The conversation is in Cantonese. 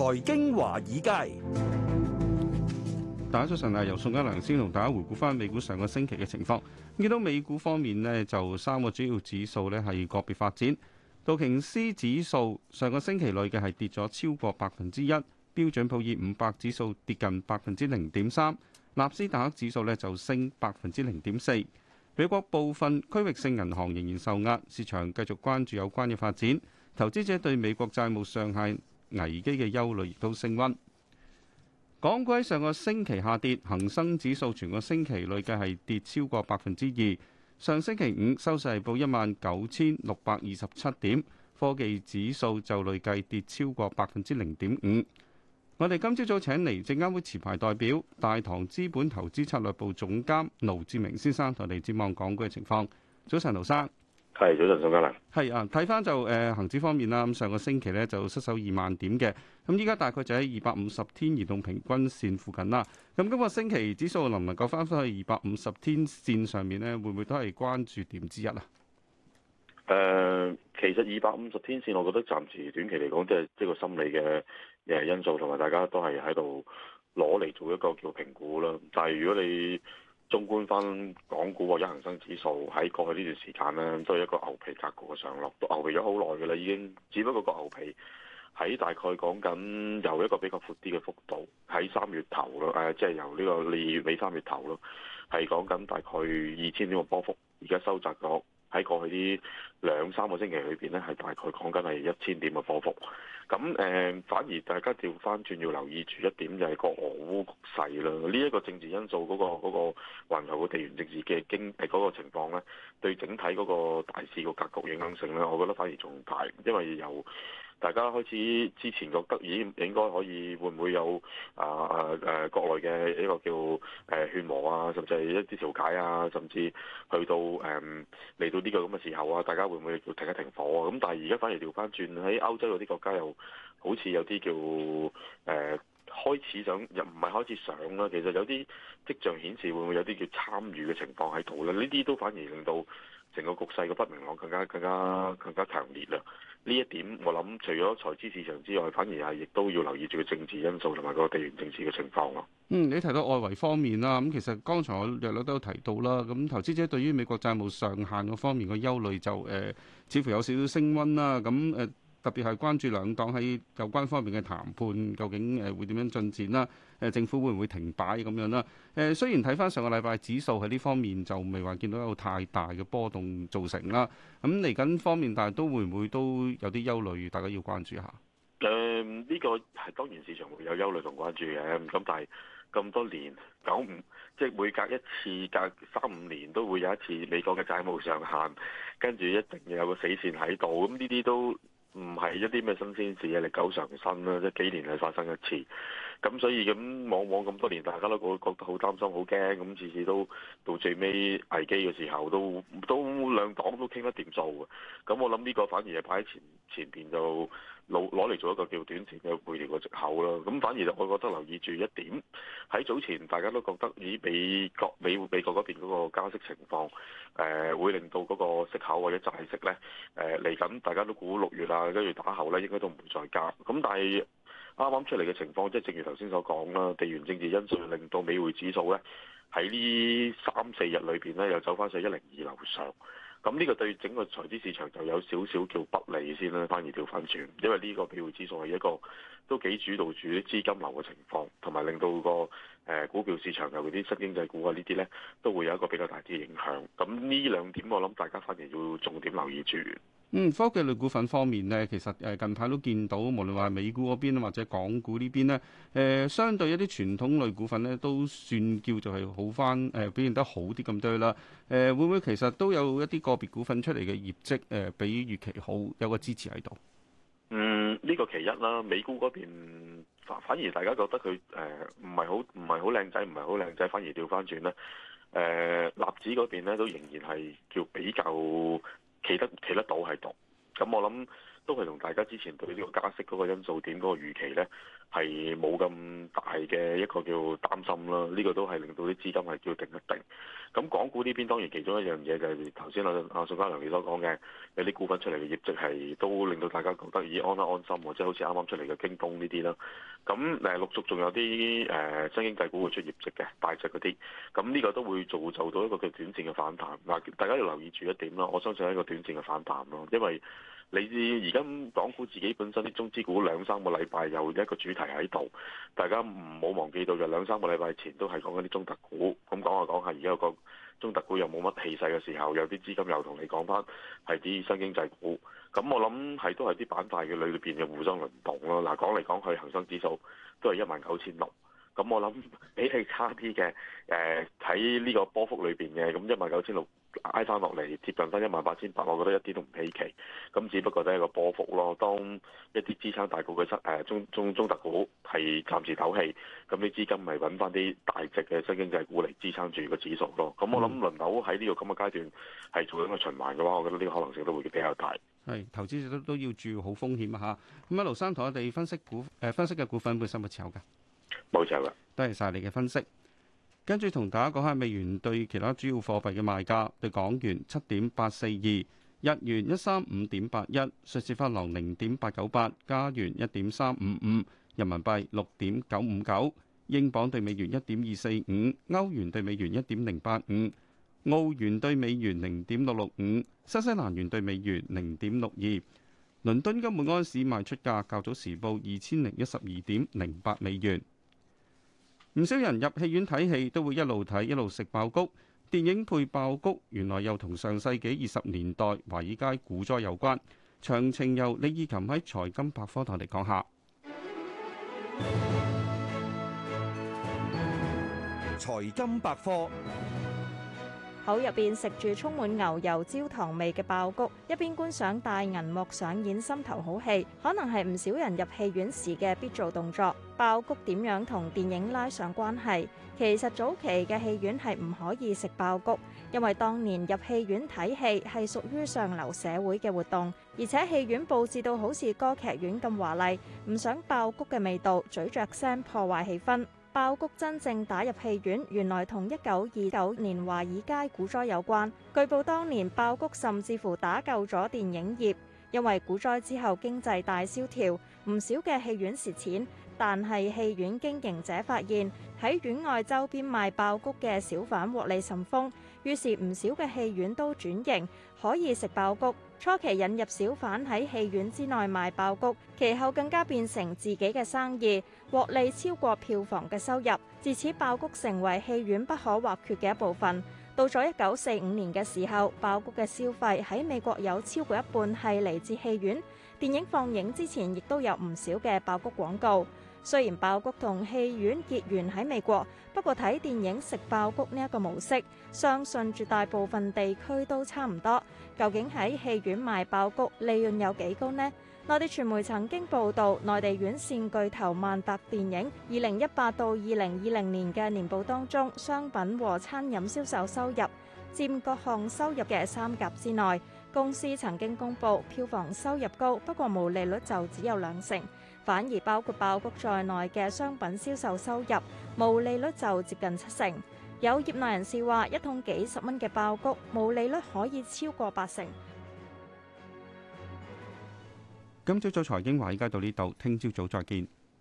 財經華爾街，大家早晨，由宋嘉良先同大家回顧翻美股上個星期嘅情況。見到美股方面呢，就三個主要指數呢係個別發展。道瓊斯指數上個星期內嘅係跌咗超過百分之一，標準普爾五百指數跌近百分之零點三，納斯達克指數呢就升百分之零點四。美國部分區域性銀行仍然受壓，市場繼續關注有關嘅發展。投資者對美國債務上限危機嘅憂慮亦都升溫。港股喺上個星期下跌，恒生指數全個星期累計係跌超過百分之二。上星期五收市報一萬九千六百二十七點，科技指數就累計跌超過百分之零點五。我哋今朝早請嚟證監會持牌代表、大堂資本投資策略部總監盧志明先生，同我哋展望港股嘅情況。早晨，盧生。係，早晨，宋嘉良。係啊，睇翻就，誒，恒指方面啦，咁上個星期咧就失守二萬點嘅，咁依家大概就喺二百五十天移動平均線附近啦。咁、嗯、今個星期指數能唔能夠翻翻去二百五十天線上面咧，會唔會都係關注點之一啊？誒、呃，其實二百五十天線，我覺得暫時短期嚟講，即係即係個心理嘅誒因素，同埋大家都係喺度攞嚟做一個叫評估啦。但係如果你縱觀翻港股或者恒生指數喺過去呢段時間咧都係一個牛皮格局嘅上落，都牛皮咗好耐嘅啦，已經。只不過個牛皮喺大概講緊由一個比較闊啲嘅幅度，喺三月頭咯，誒、啊，即、就、係、是、由呢個二月尾三月頭咯，係講緊大概二千點嘅波幅，而家收窄咗。喺過去啲兩三個星期裏邊咧，係大概講緊係一千點嘅波幅。咁誒、呃，反而大家調翻轉要留意住一點就係、是、個俄烏局勢啦。呢、這、一個政治因素嗰、那個嗰、那個、環球嘅地緣政治嘅經濟嗰、那個情況咧，對整體嗰個大市個格局影響性咧，我覺得反而仲大，因為有。大家開始之前覺得應應該可以會唔會有啊啊誒國內嘅一個叫誒勸和啊，甚至一啲調解啊，甚至去到誒嚟、嗯、到呢個咁嘅時候啊，大家會唔會停一停火啊？咁但係而家反而調翻轉喺歐洲嗰啲國家又好似有啲叫誒、啊、開始想又唔係開始想啦、啊，其實有啲跡象顯示會唔會有啲叫參與嘅情況喺度咧？呢啲都反而令到成個局勢個不明朗更加更加更加強烈啦、啊。呢一點我諗，除咗財資市場之外，反而係亦都要留意住個政治因素同埋個地緣政治嘅情況咯。嗯，你提到外圍方面啦，咁其實剛才我略略都有提到啦。咁投資者對於美國債務上限嗰方面嘅憂慮就誒、呃，似乎有少少升溫啦。咁誒。呃特別係關注兩黨喺有關方面嘅談判，究竟誒會點樣進展啦？誒政府會唔會停擺咁樣啦？誒雖然睇返上個禮拜指數喺呢方面就未話見到有太大嘅波動造成啦。咁嚟緊方面，但係都會唔會都有啲憂慮，大家要關注下。誒呢、嗯呢個係當然市場會有憂慮同關注嘅。咁但係咁多年九五，即係每隔一次隔三五年都會有一次美國嘅債務上限，跟住一定要有個死線喺度。咁呢啲都。唔係一啲咩新鮮事啊，歷久常新啦，即係幾年係發生一次。咁所以咁往往咁多年，大家都覺覺得好擔心、好驚。咁次次都到最尾危機嘅時候，都都兩黨都傾得掂數嘅。咁我諗呢個反而係擺喺前前邊就。攞攞嚟做一個叫短 t 嘅背條嘅息口咯，咁反而我覺得留意住一點，喺早前大家都覺得以美國美美國嗰邊嗰個加息情況，誒、呃、會令到嗰個息口或者債息呢誒嚟緊大家都估六月啊，跟住打後呢應該都唔會再加，咁但係啱啱出嚟嘅情況，即係正如頭先所講啦，地緣政治因素令到美匯指數呢喺呢三四日裏邊呢又走翻上一零二樓上。咁呢個對整個財資市場就有少少叫不利先啦，反而調翻轉，因為呢個票辱指數係一個都幾主導住啲資金流嘅情況，同埋令到個誒股票市場尤其啲新經濟股啊呢啲呢，都會有一個比較大啲嘅影響。咁呢兩點我諗大家反而要重點留意住。嗯，科技類股份方面呢，其實誒近排都見到，無論話係美股嗰邊或者港股邊呢邊呢，誒相對一啲傳統類股份呢，都算叫做係好翻，誒表現得好啲咁多啦。誒、呃、會唔會其實都有一啲個別股份出嚟嘅業績誒、呃、比預期好，有個支持喺度？嗯，呢、這個其一啦。美股嗰邊反反而大家覺得佢誒唔係好唔係好靚仔，唔係好靚仔，反而調翻轉啦。誒、呃，納指嗰邊呢，都仍然係叫比較。企得企得到喺度，咁我諗。都係同大家之前對呢個加息嗰個因素點嗰個預期呢，係冇咁大嘅一個叫擔心啦。呢、這個都係令到啲資金係叫定一定。咁港股呢邊當然其中一樣嘢就係頭先阿阿宋嘉良你所講嘅有啲股份出嚟嘅業績係都令到大家覺得已安啦安心喎，即係好似啱啱出嚟嘅京東呢啲啦。咁誒陸續仲有啲誒、呃、新經濟股會出業績嘅大隻嗰啲，咁呢個都會造就到一個叫短線嘅反彈。嗱，大家要留意住一點啦，我相信係一個短線嘅反彈咯，因為你知而家。咁港股自己本身啲中資股兩三個禮拜又一個主題喺度，大家唔好忘記到，就兩三個禮拜前都係講緊啲中特股，咁講下講下，而家個中特股又冇乜氣勢嘅時候，有啲資金又同你講翻係啲新經濟股，咁我諗係都係啲板塊嘅裏邊嘅互相輪動咯。嗱，講嚟講去恒生指數都係一萬九千六，咁我諗比你差啲嘅，誒喺呢個波幅裏邊嘅，咁一萬九千六，挨翻落嚟，接近翻一萬八千八，我覺得一啲都唔稀奇。咁只不過都係一個波幅咯，當一啲支撐大股嘅新誒中中中特股係暫時唞氣，咁啲資金咪揾翻啲大隻嘅新經濟股嚟支撐住個指數咯。咁、嗯嗯、我諗輪流喺呢、呢個咁嘅、呢個、階段係做一個循環嘅話，我覺得呢個可能性都會比較大。係投資者都都要注意好風險啊嚇。咁阿盧生同我哋分析股誒、呃、分析嘅股份會有冇持有嘅？冇持有，多謝晒你嘅分析。跟住同大家講下美元對其他主要貨幣嘅賣價，對港元七點八四二，日元一三五點八一，瑞士法郎零點八九八，加元一點三五五，人民幣六點九五九，英鎊對美元一點二四五，歐元對美元一點零八五，澳元對美元零點六六五，新西蘭元對美元零點六二。倫敦金本安市賣出價較早時報二千零一十二點零八美元。唔少人入戲院睇戲都會一路睇一路食爆谷，電影配爆谷，原來又同上世紀二十年代華爾街股災有關。詳情由李義琴喺財金百科度嚟講下。財金百科。口入邊食住充滿牛油焦糖味嘅爆谷，一邊觀賞大銀幕上演心頭好戲，可能係唔少人入戲院時嘅必做動作。爆谷點樣同電影拉上關係？其實早期嘅戲院係唔可以食爆谷，因為當年入戲院睇戲係屬於上流社會嘅活動，而且戲院佈置到好似歌劇院咁華麗，唔想爆谷嘅味道咀嚼聲破壞氣氛。爆谷真正打入戲院，原來同一九二九年華爾街股災有關。據報當年爆谷甚至乎打救咗電影業，因為股災之後經濟大蕭條，唔少嘅戲院蝕錢。但係戲院經營者發現，喺院外周邊賣爆谷嘅小販獲利甚豐，於是唔少嘅戲院都轉型，可以食爆谷。初期引入小販喺戲院之內賣爆谷，其後更加變成自己嘅生意，獲利超過票房嘅收入。自此，爆谷成為戲院不可或缺嘅一部分。到咗一九四五年嘅時候，爆谷嘅消費喺美國有超過一半係嚟自戲院。電影放映之前，亦都有唔少嘅爆谷廣告。雖然爆谷同戲院結緣喺美國，不過睇電影食爆谷呢一個模式，相信絕大部分地區都差唔多。究竟喺戲院賣爆谷利潤有幾高呢？內地傳媒曾經報導，內地院線巨頭萬達電影二零一八到二零二零年嘅年報當中，商品和餐飲銷售收入佔各項收入嘅三甲之內。公司曾經公布票房收入高，不過毛利率就只有兩成。反而包括爆谷在內嘅商品銷售收入，毛利率就接近七成。有業內人士話：一桶幾十蚊嘅爆谷，毛利率可以超過八成。今朝早財經話，依家到呢度，聽朝早再見。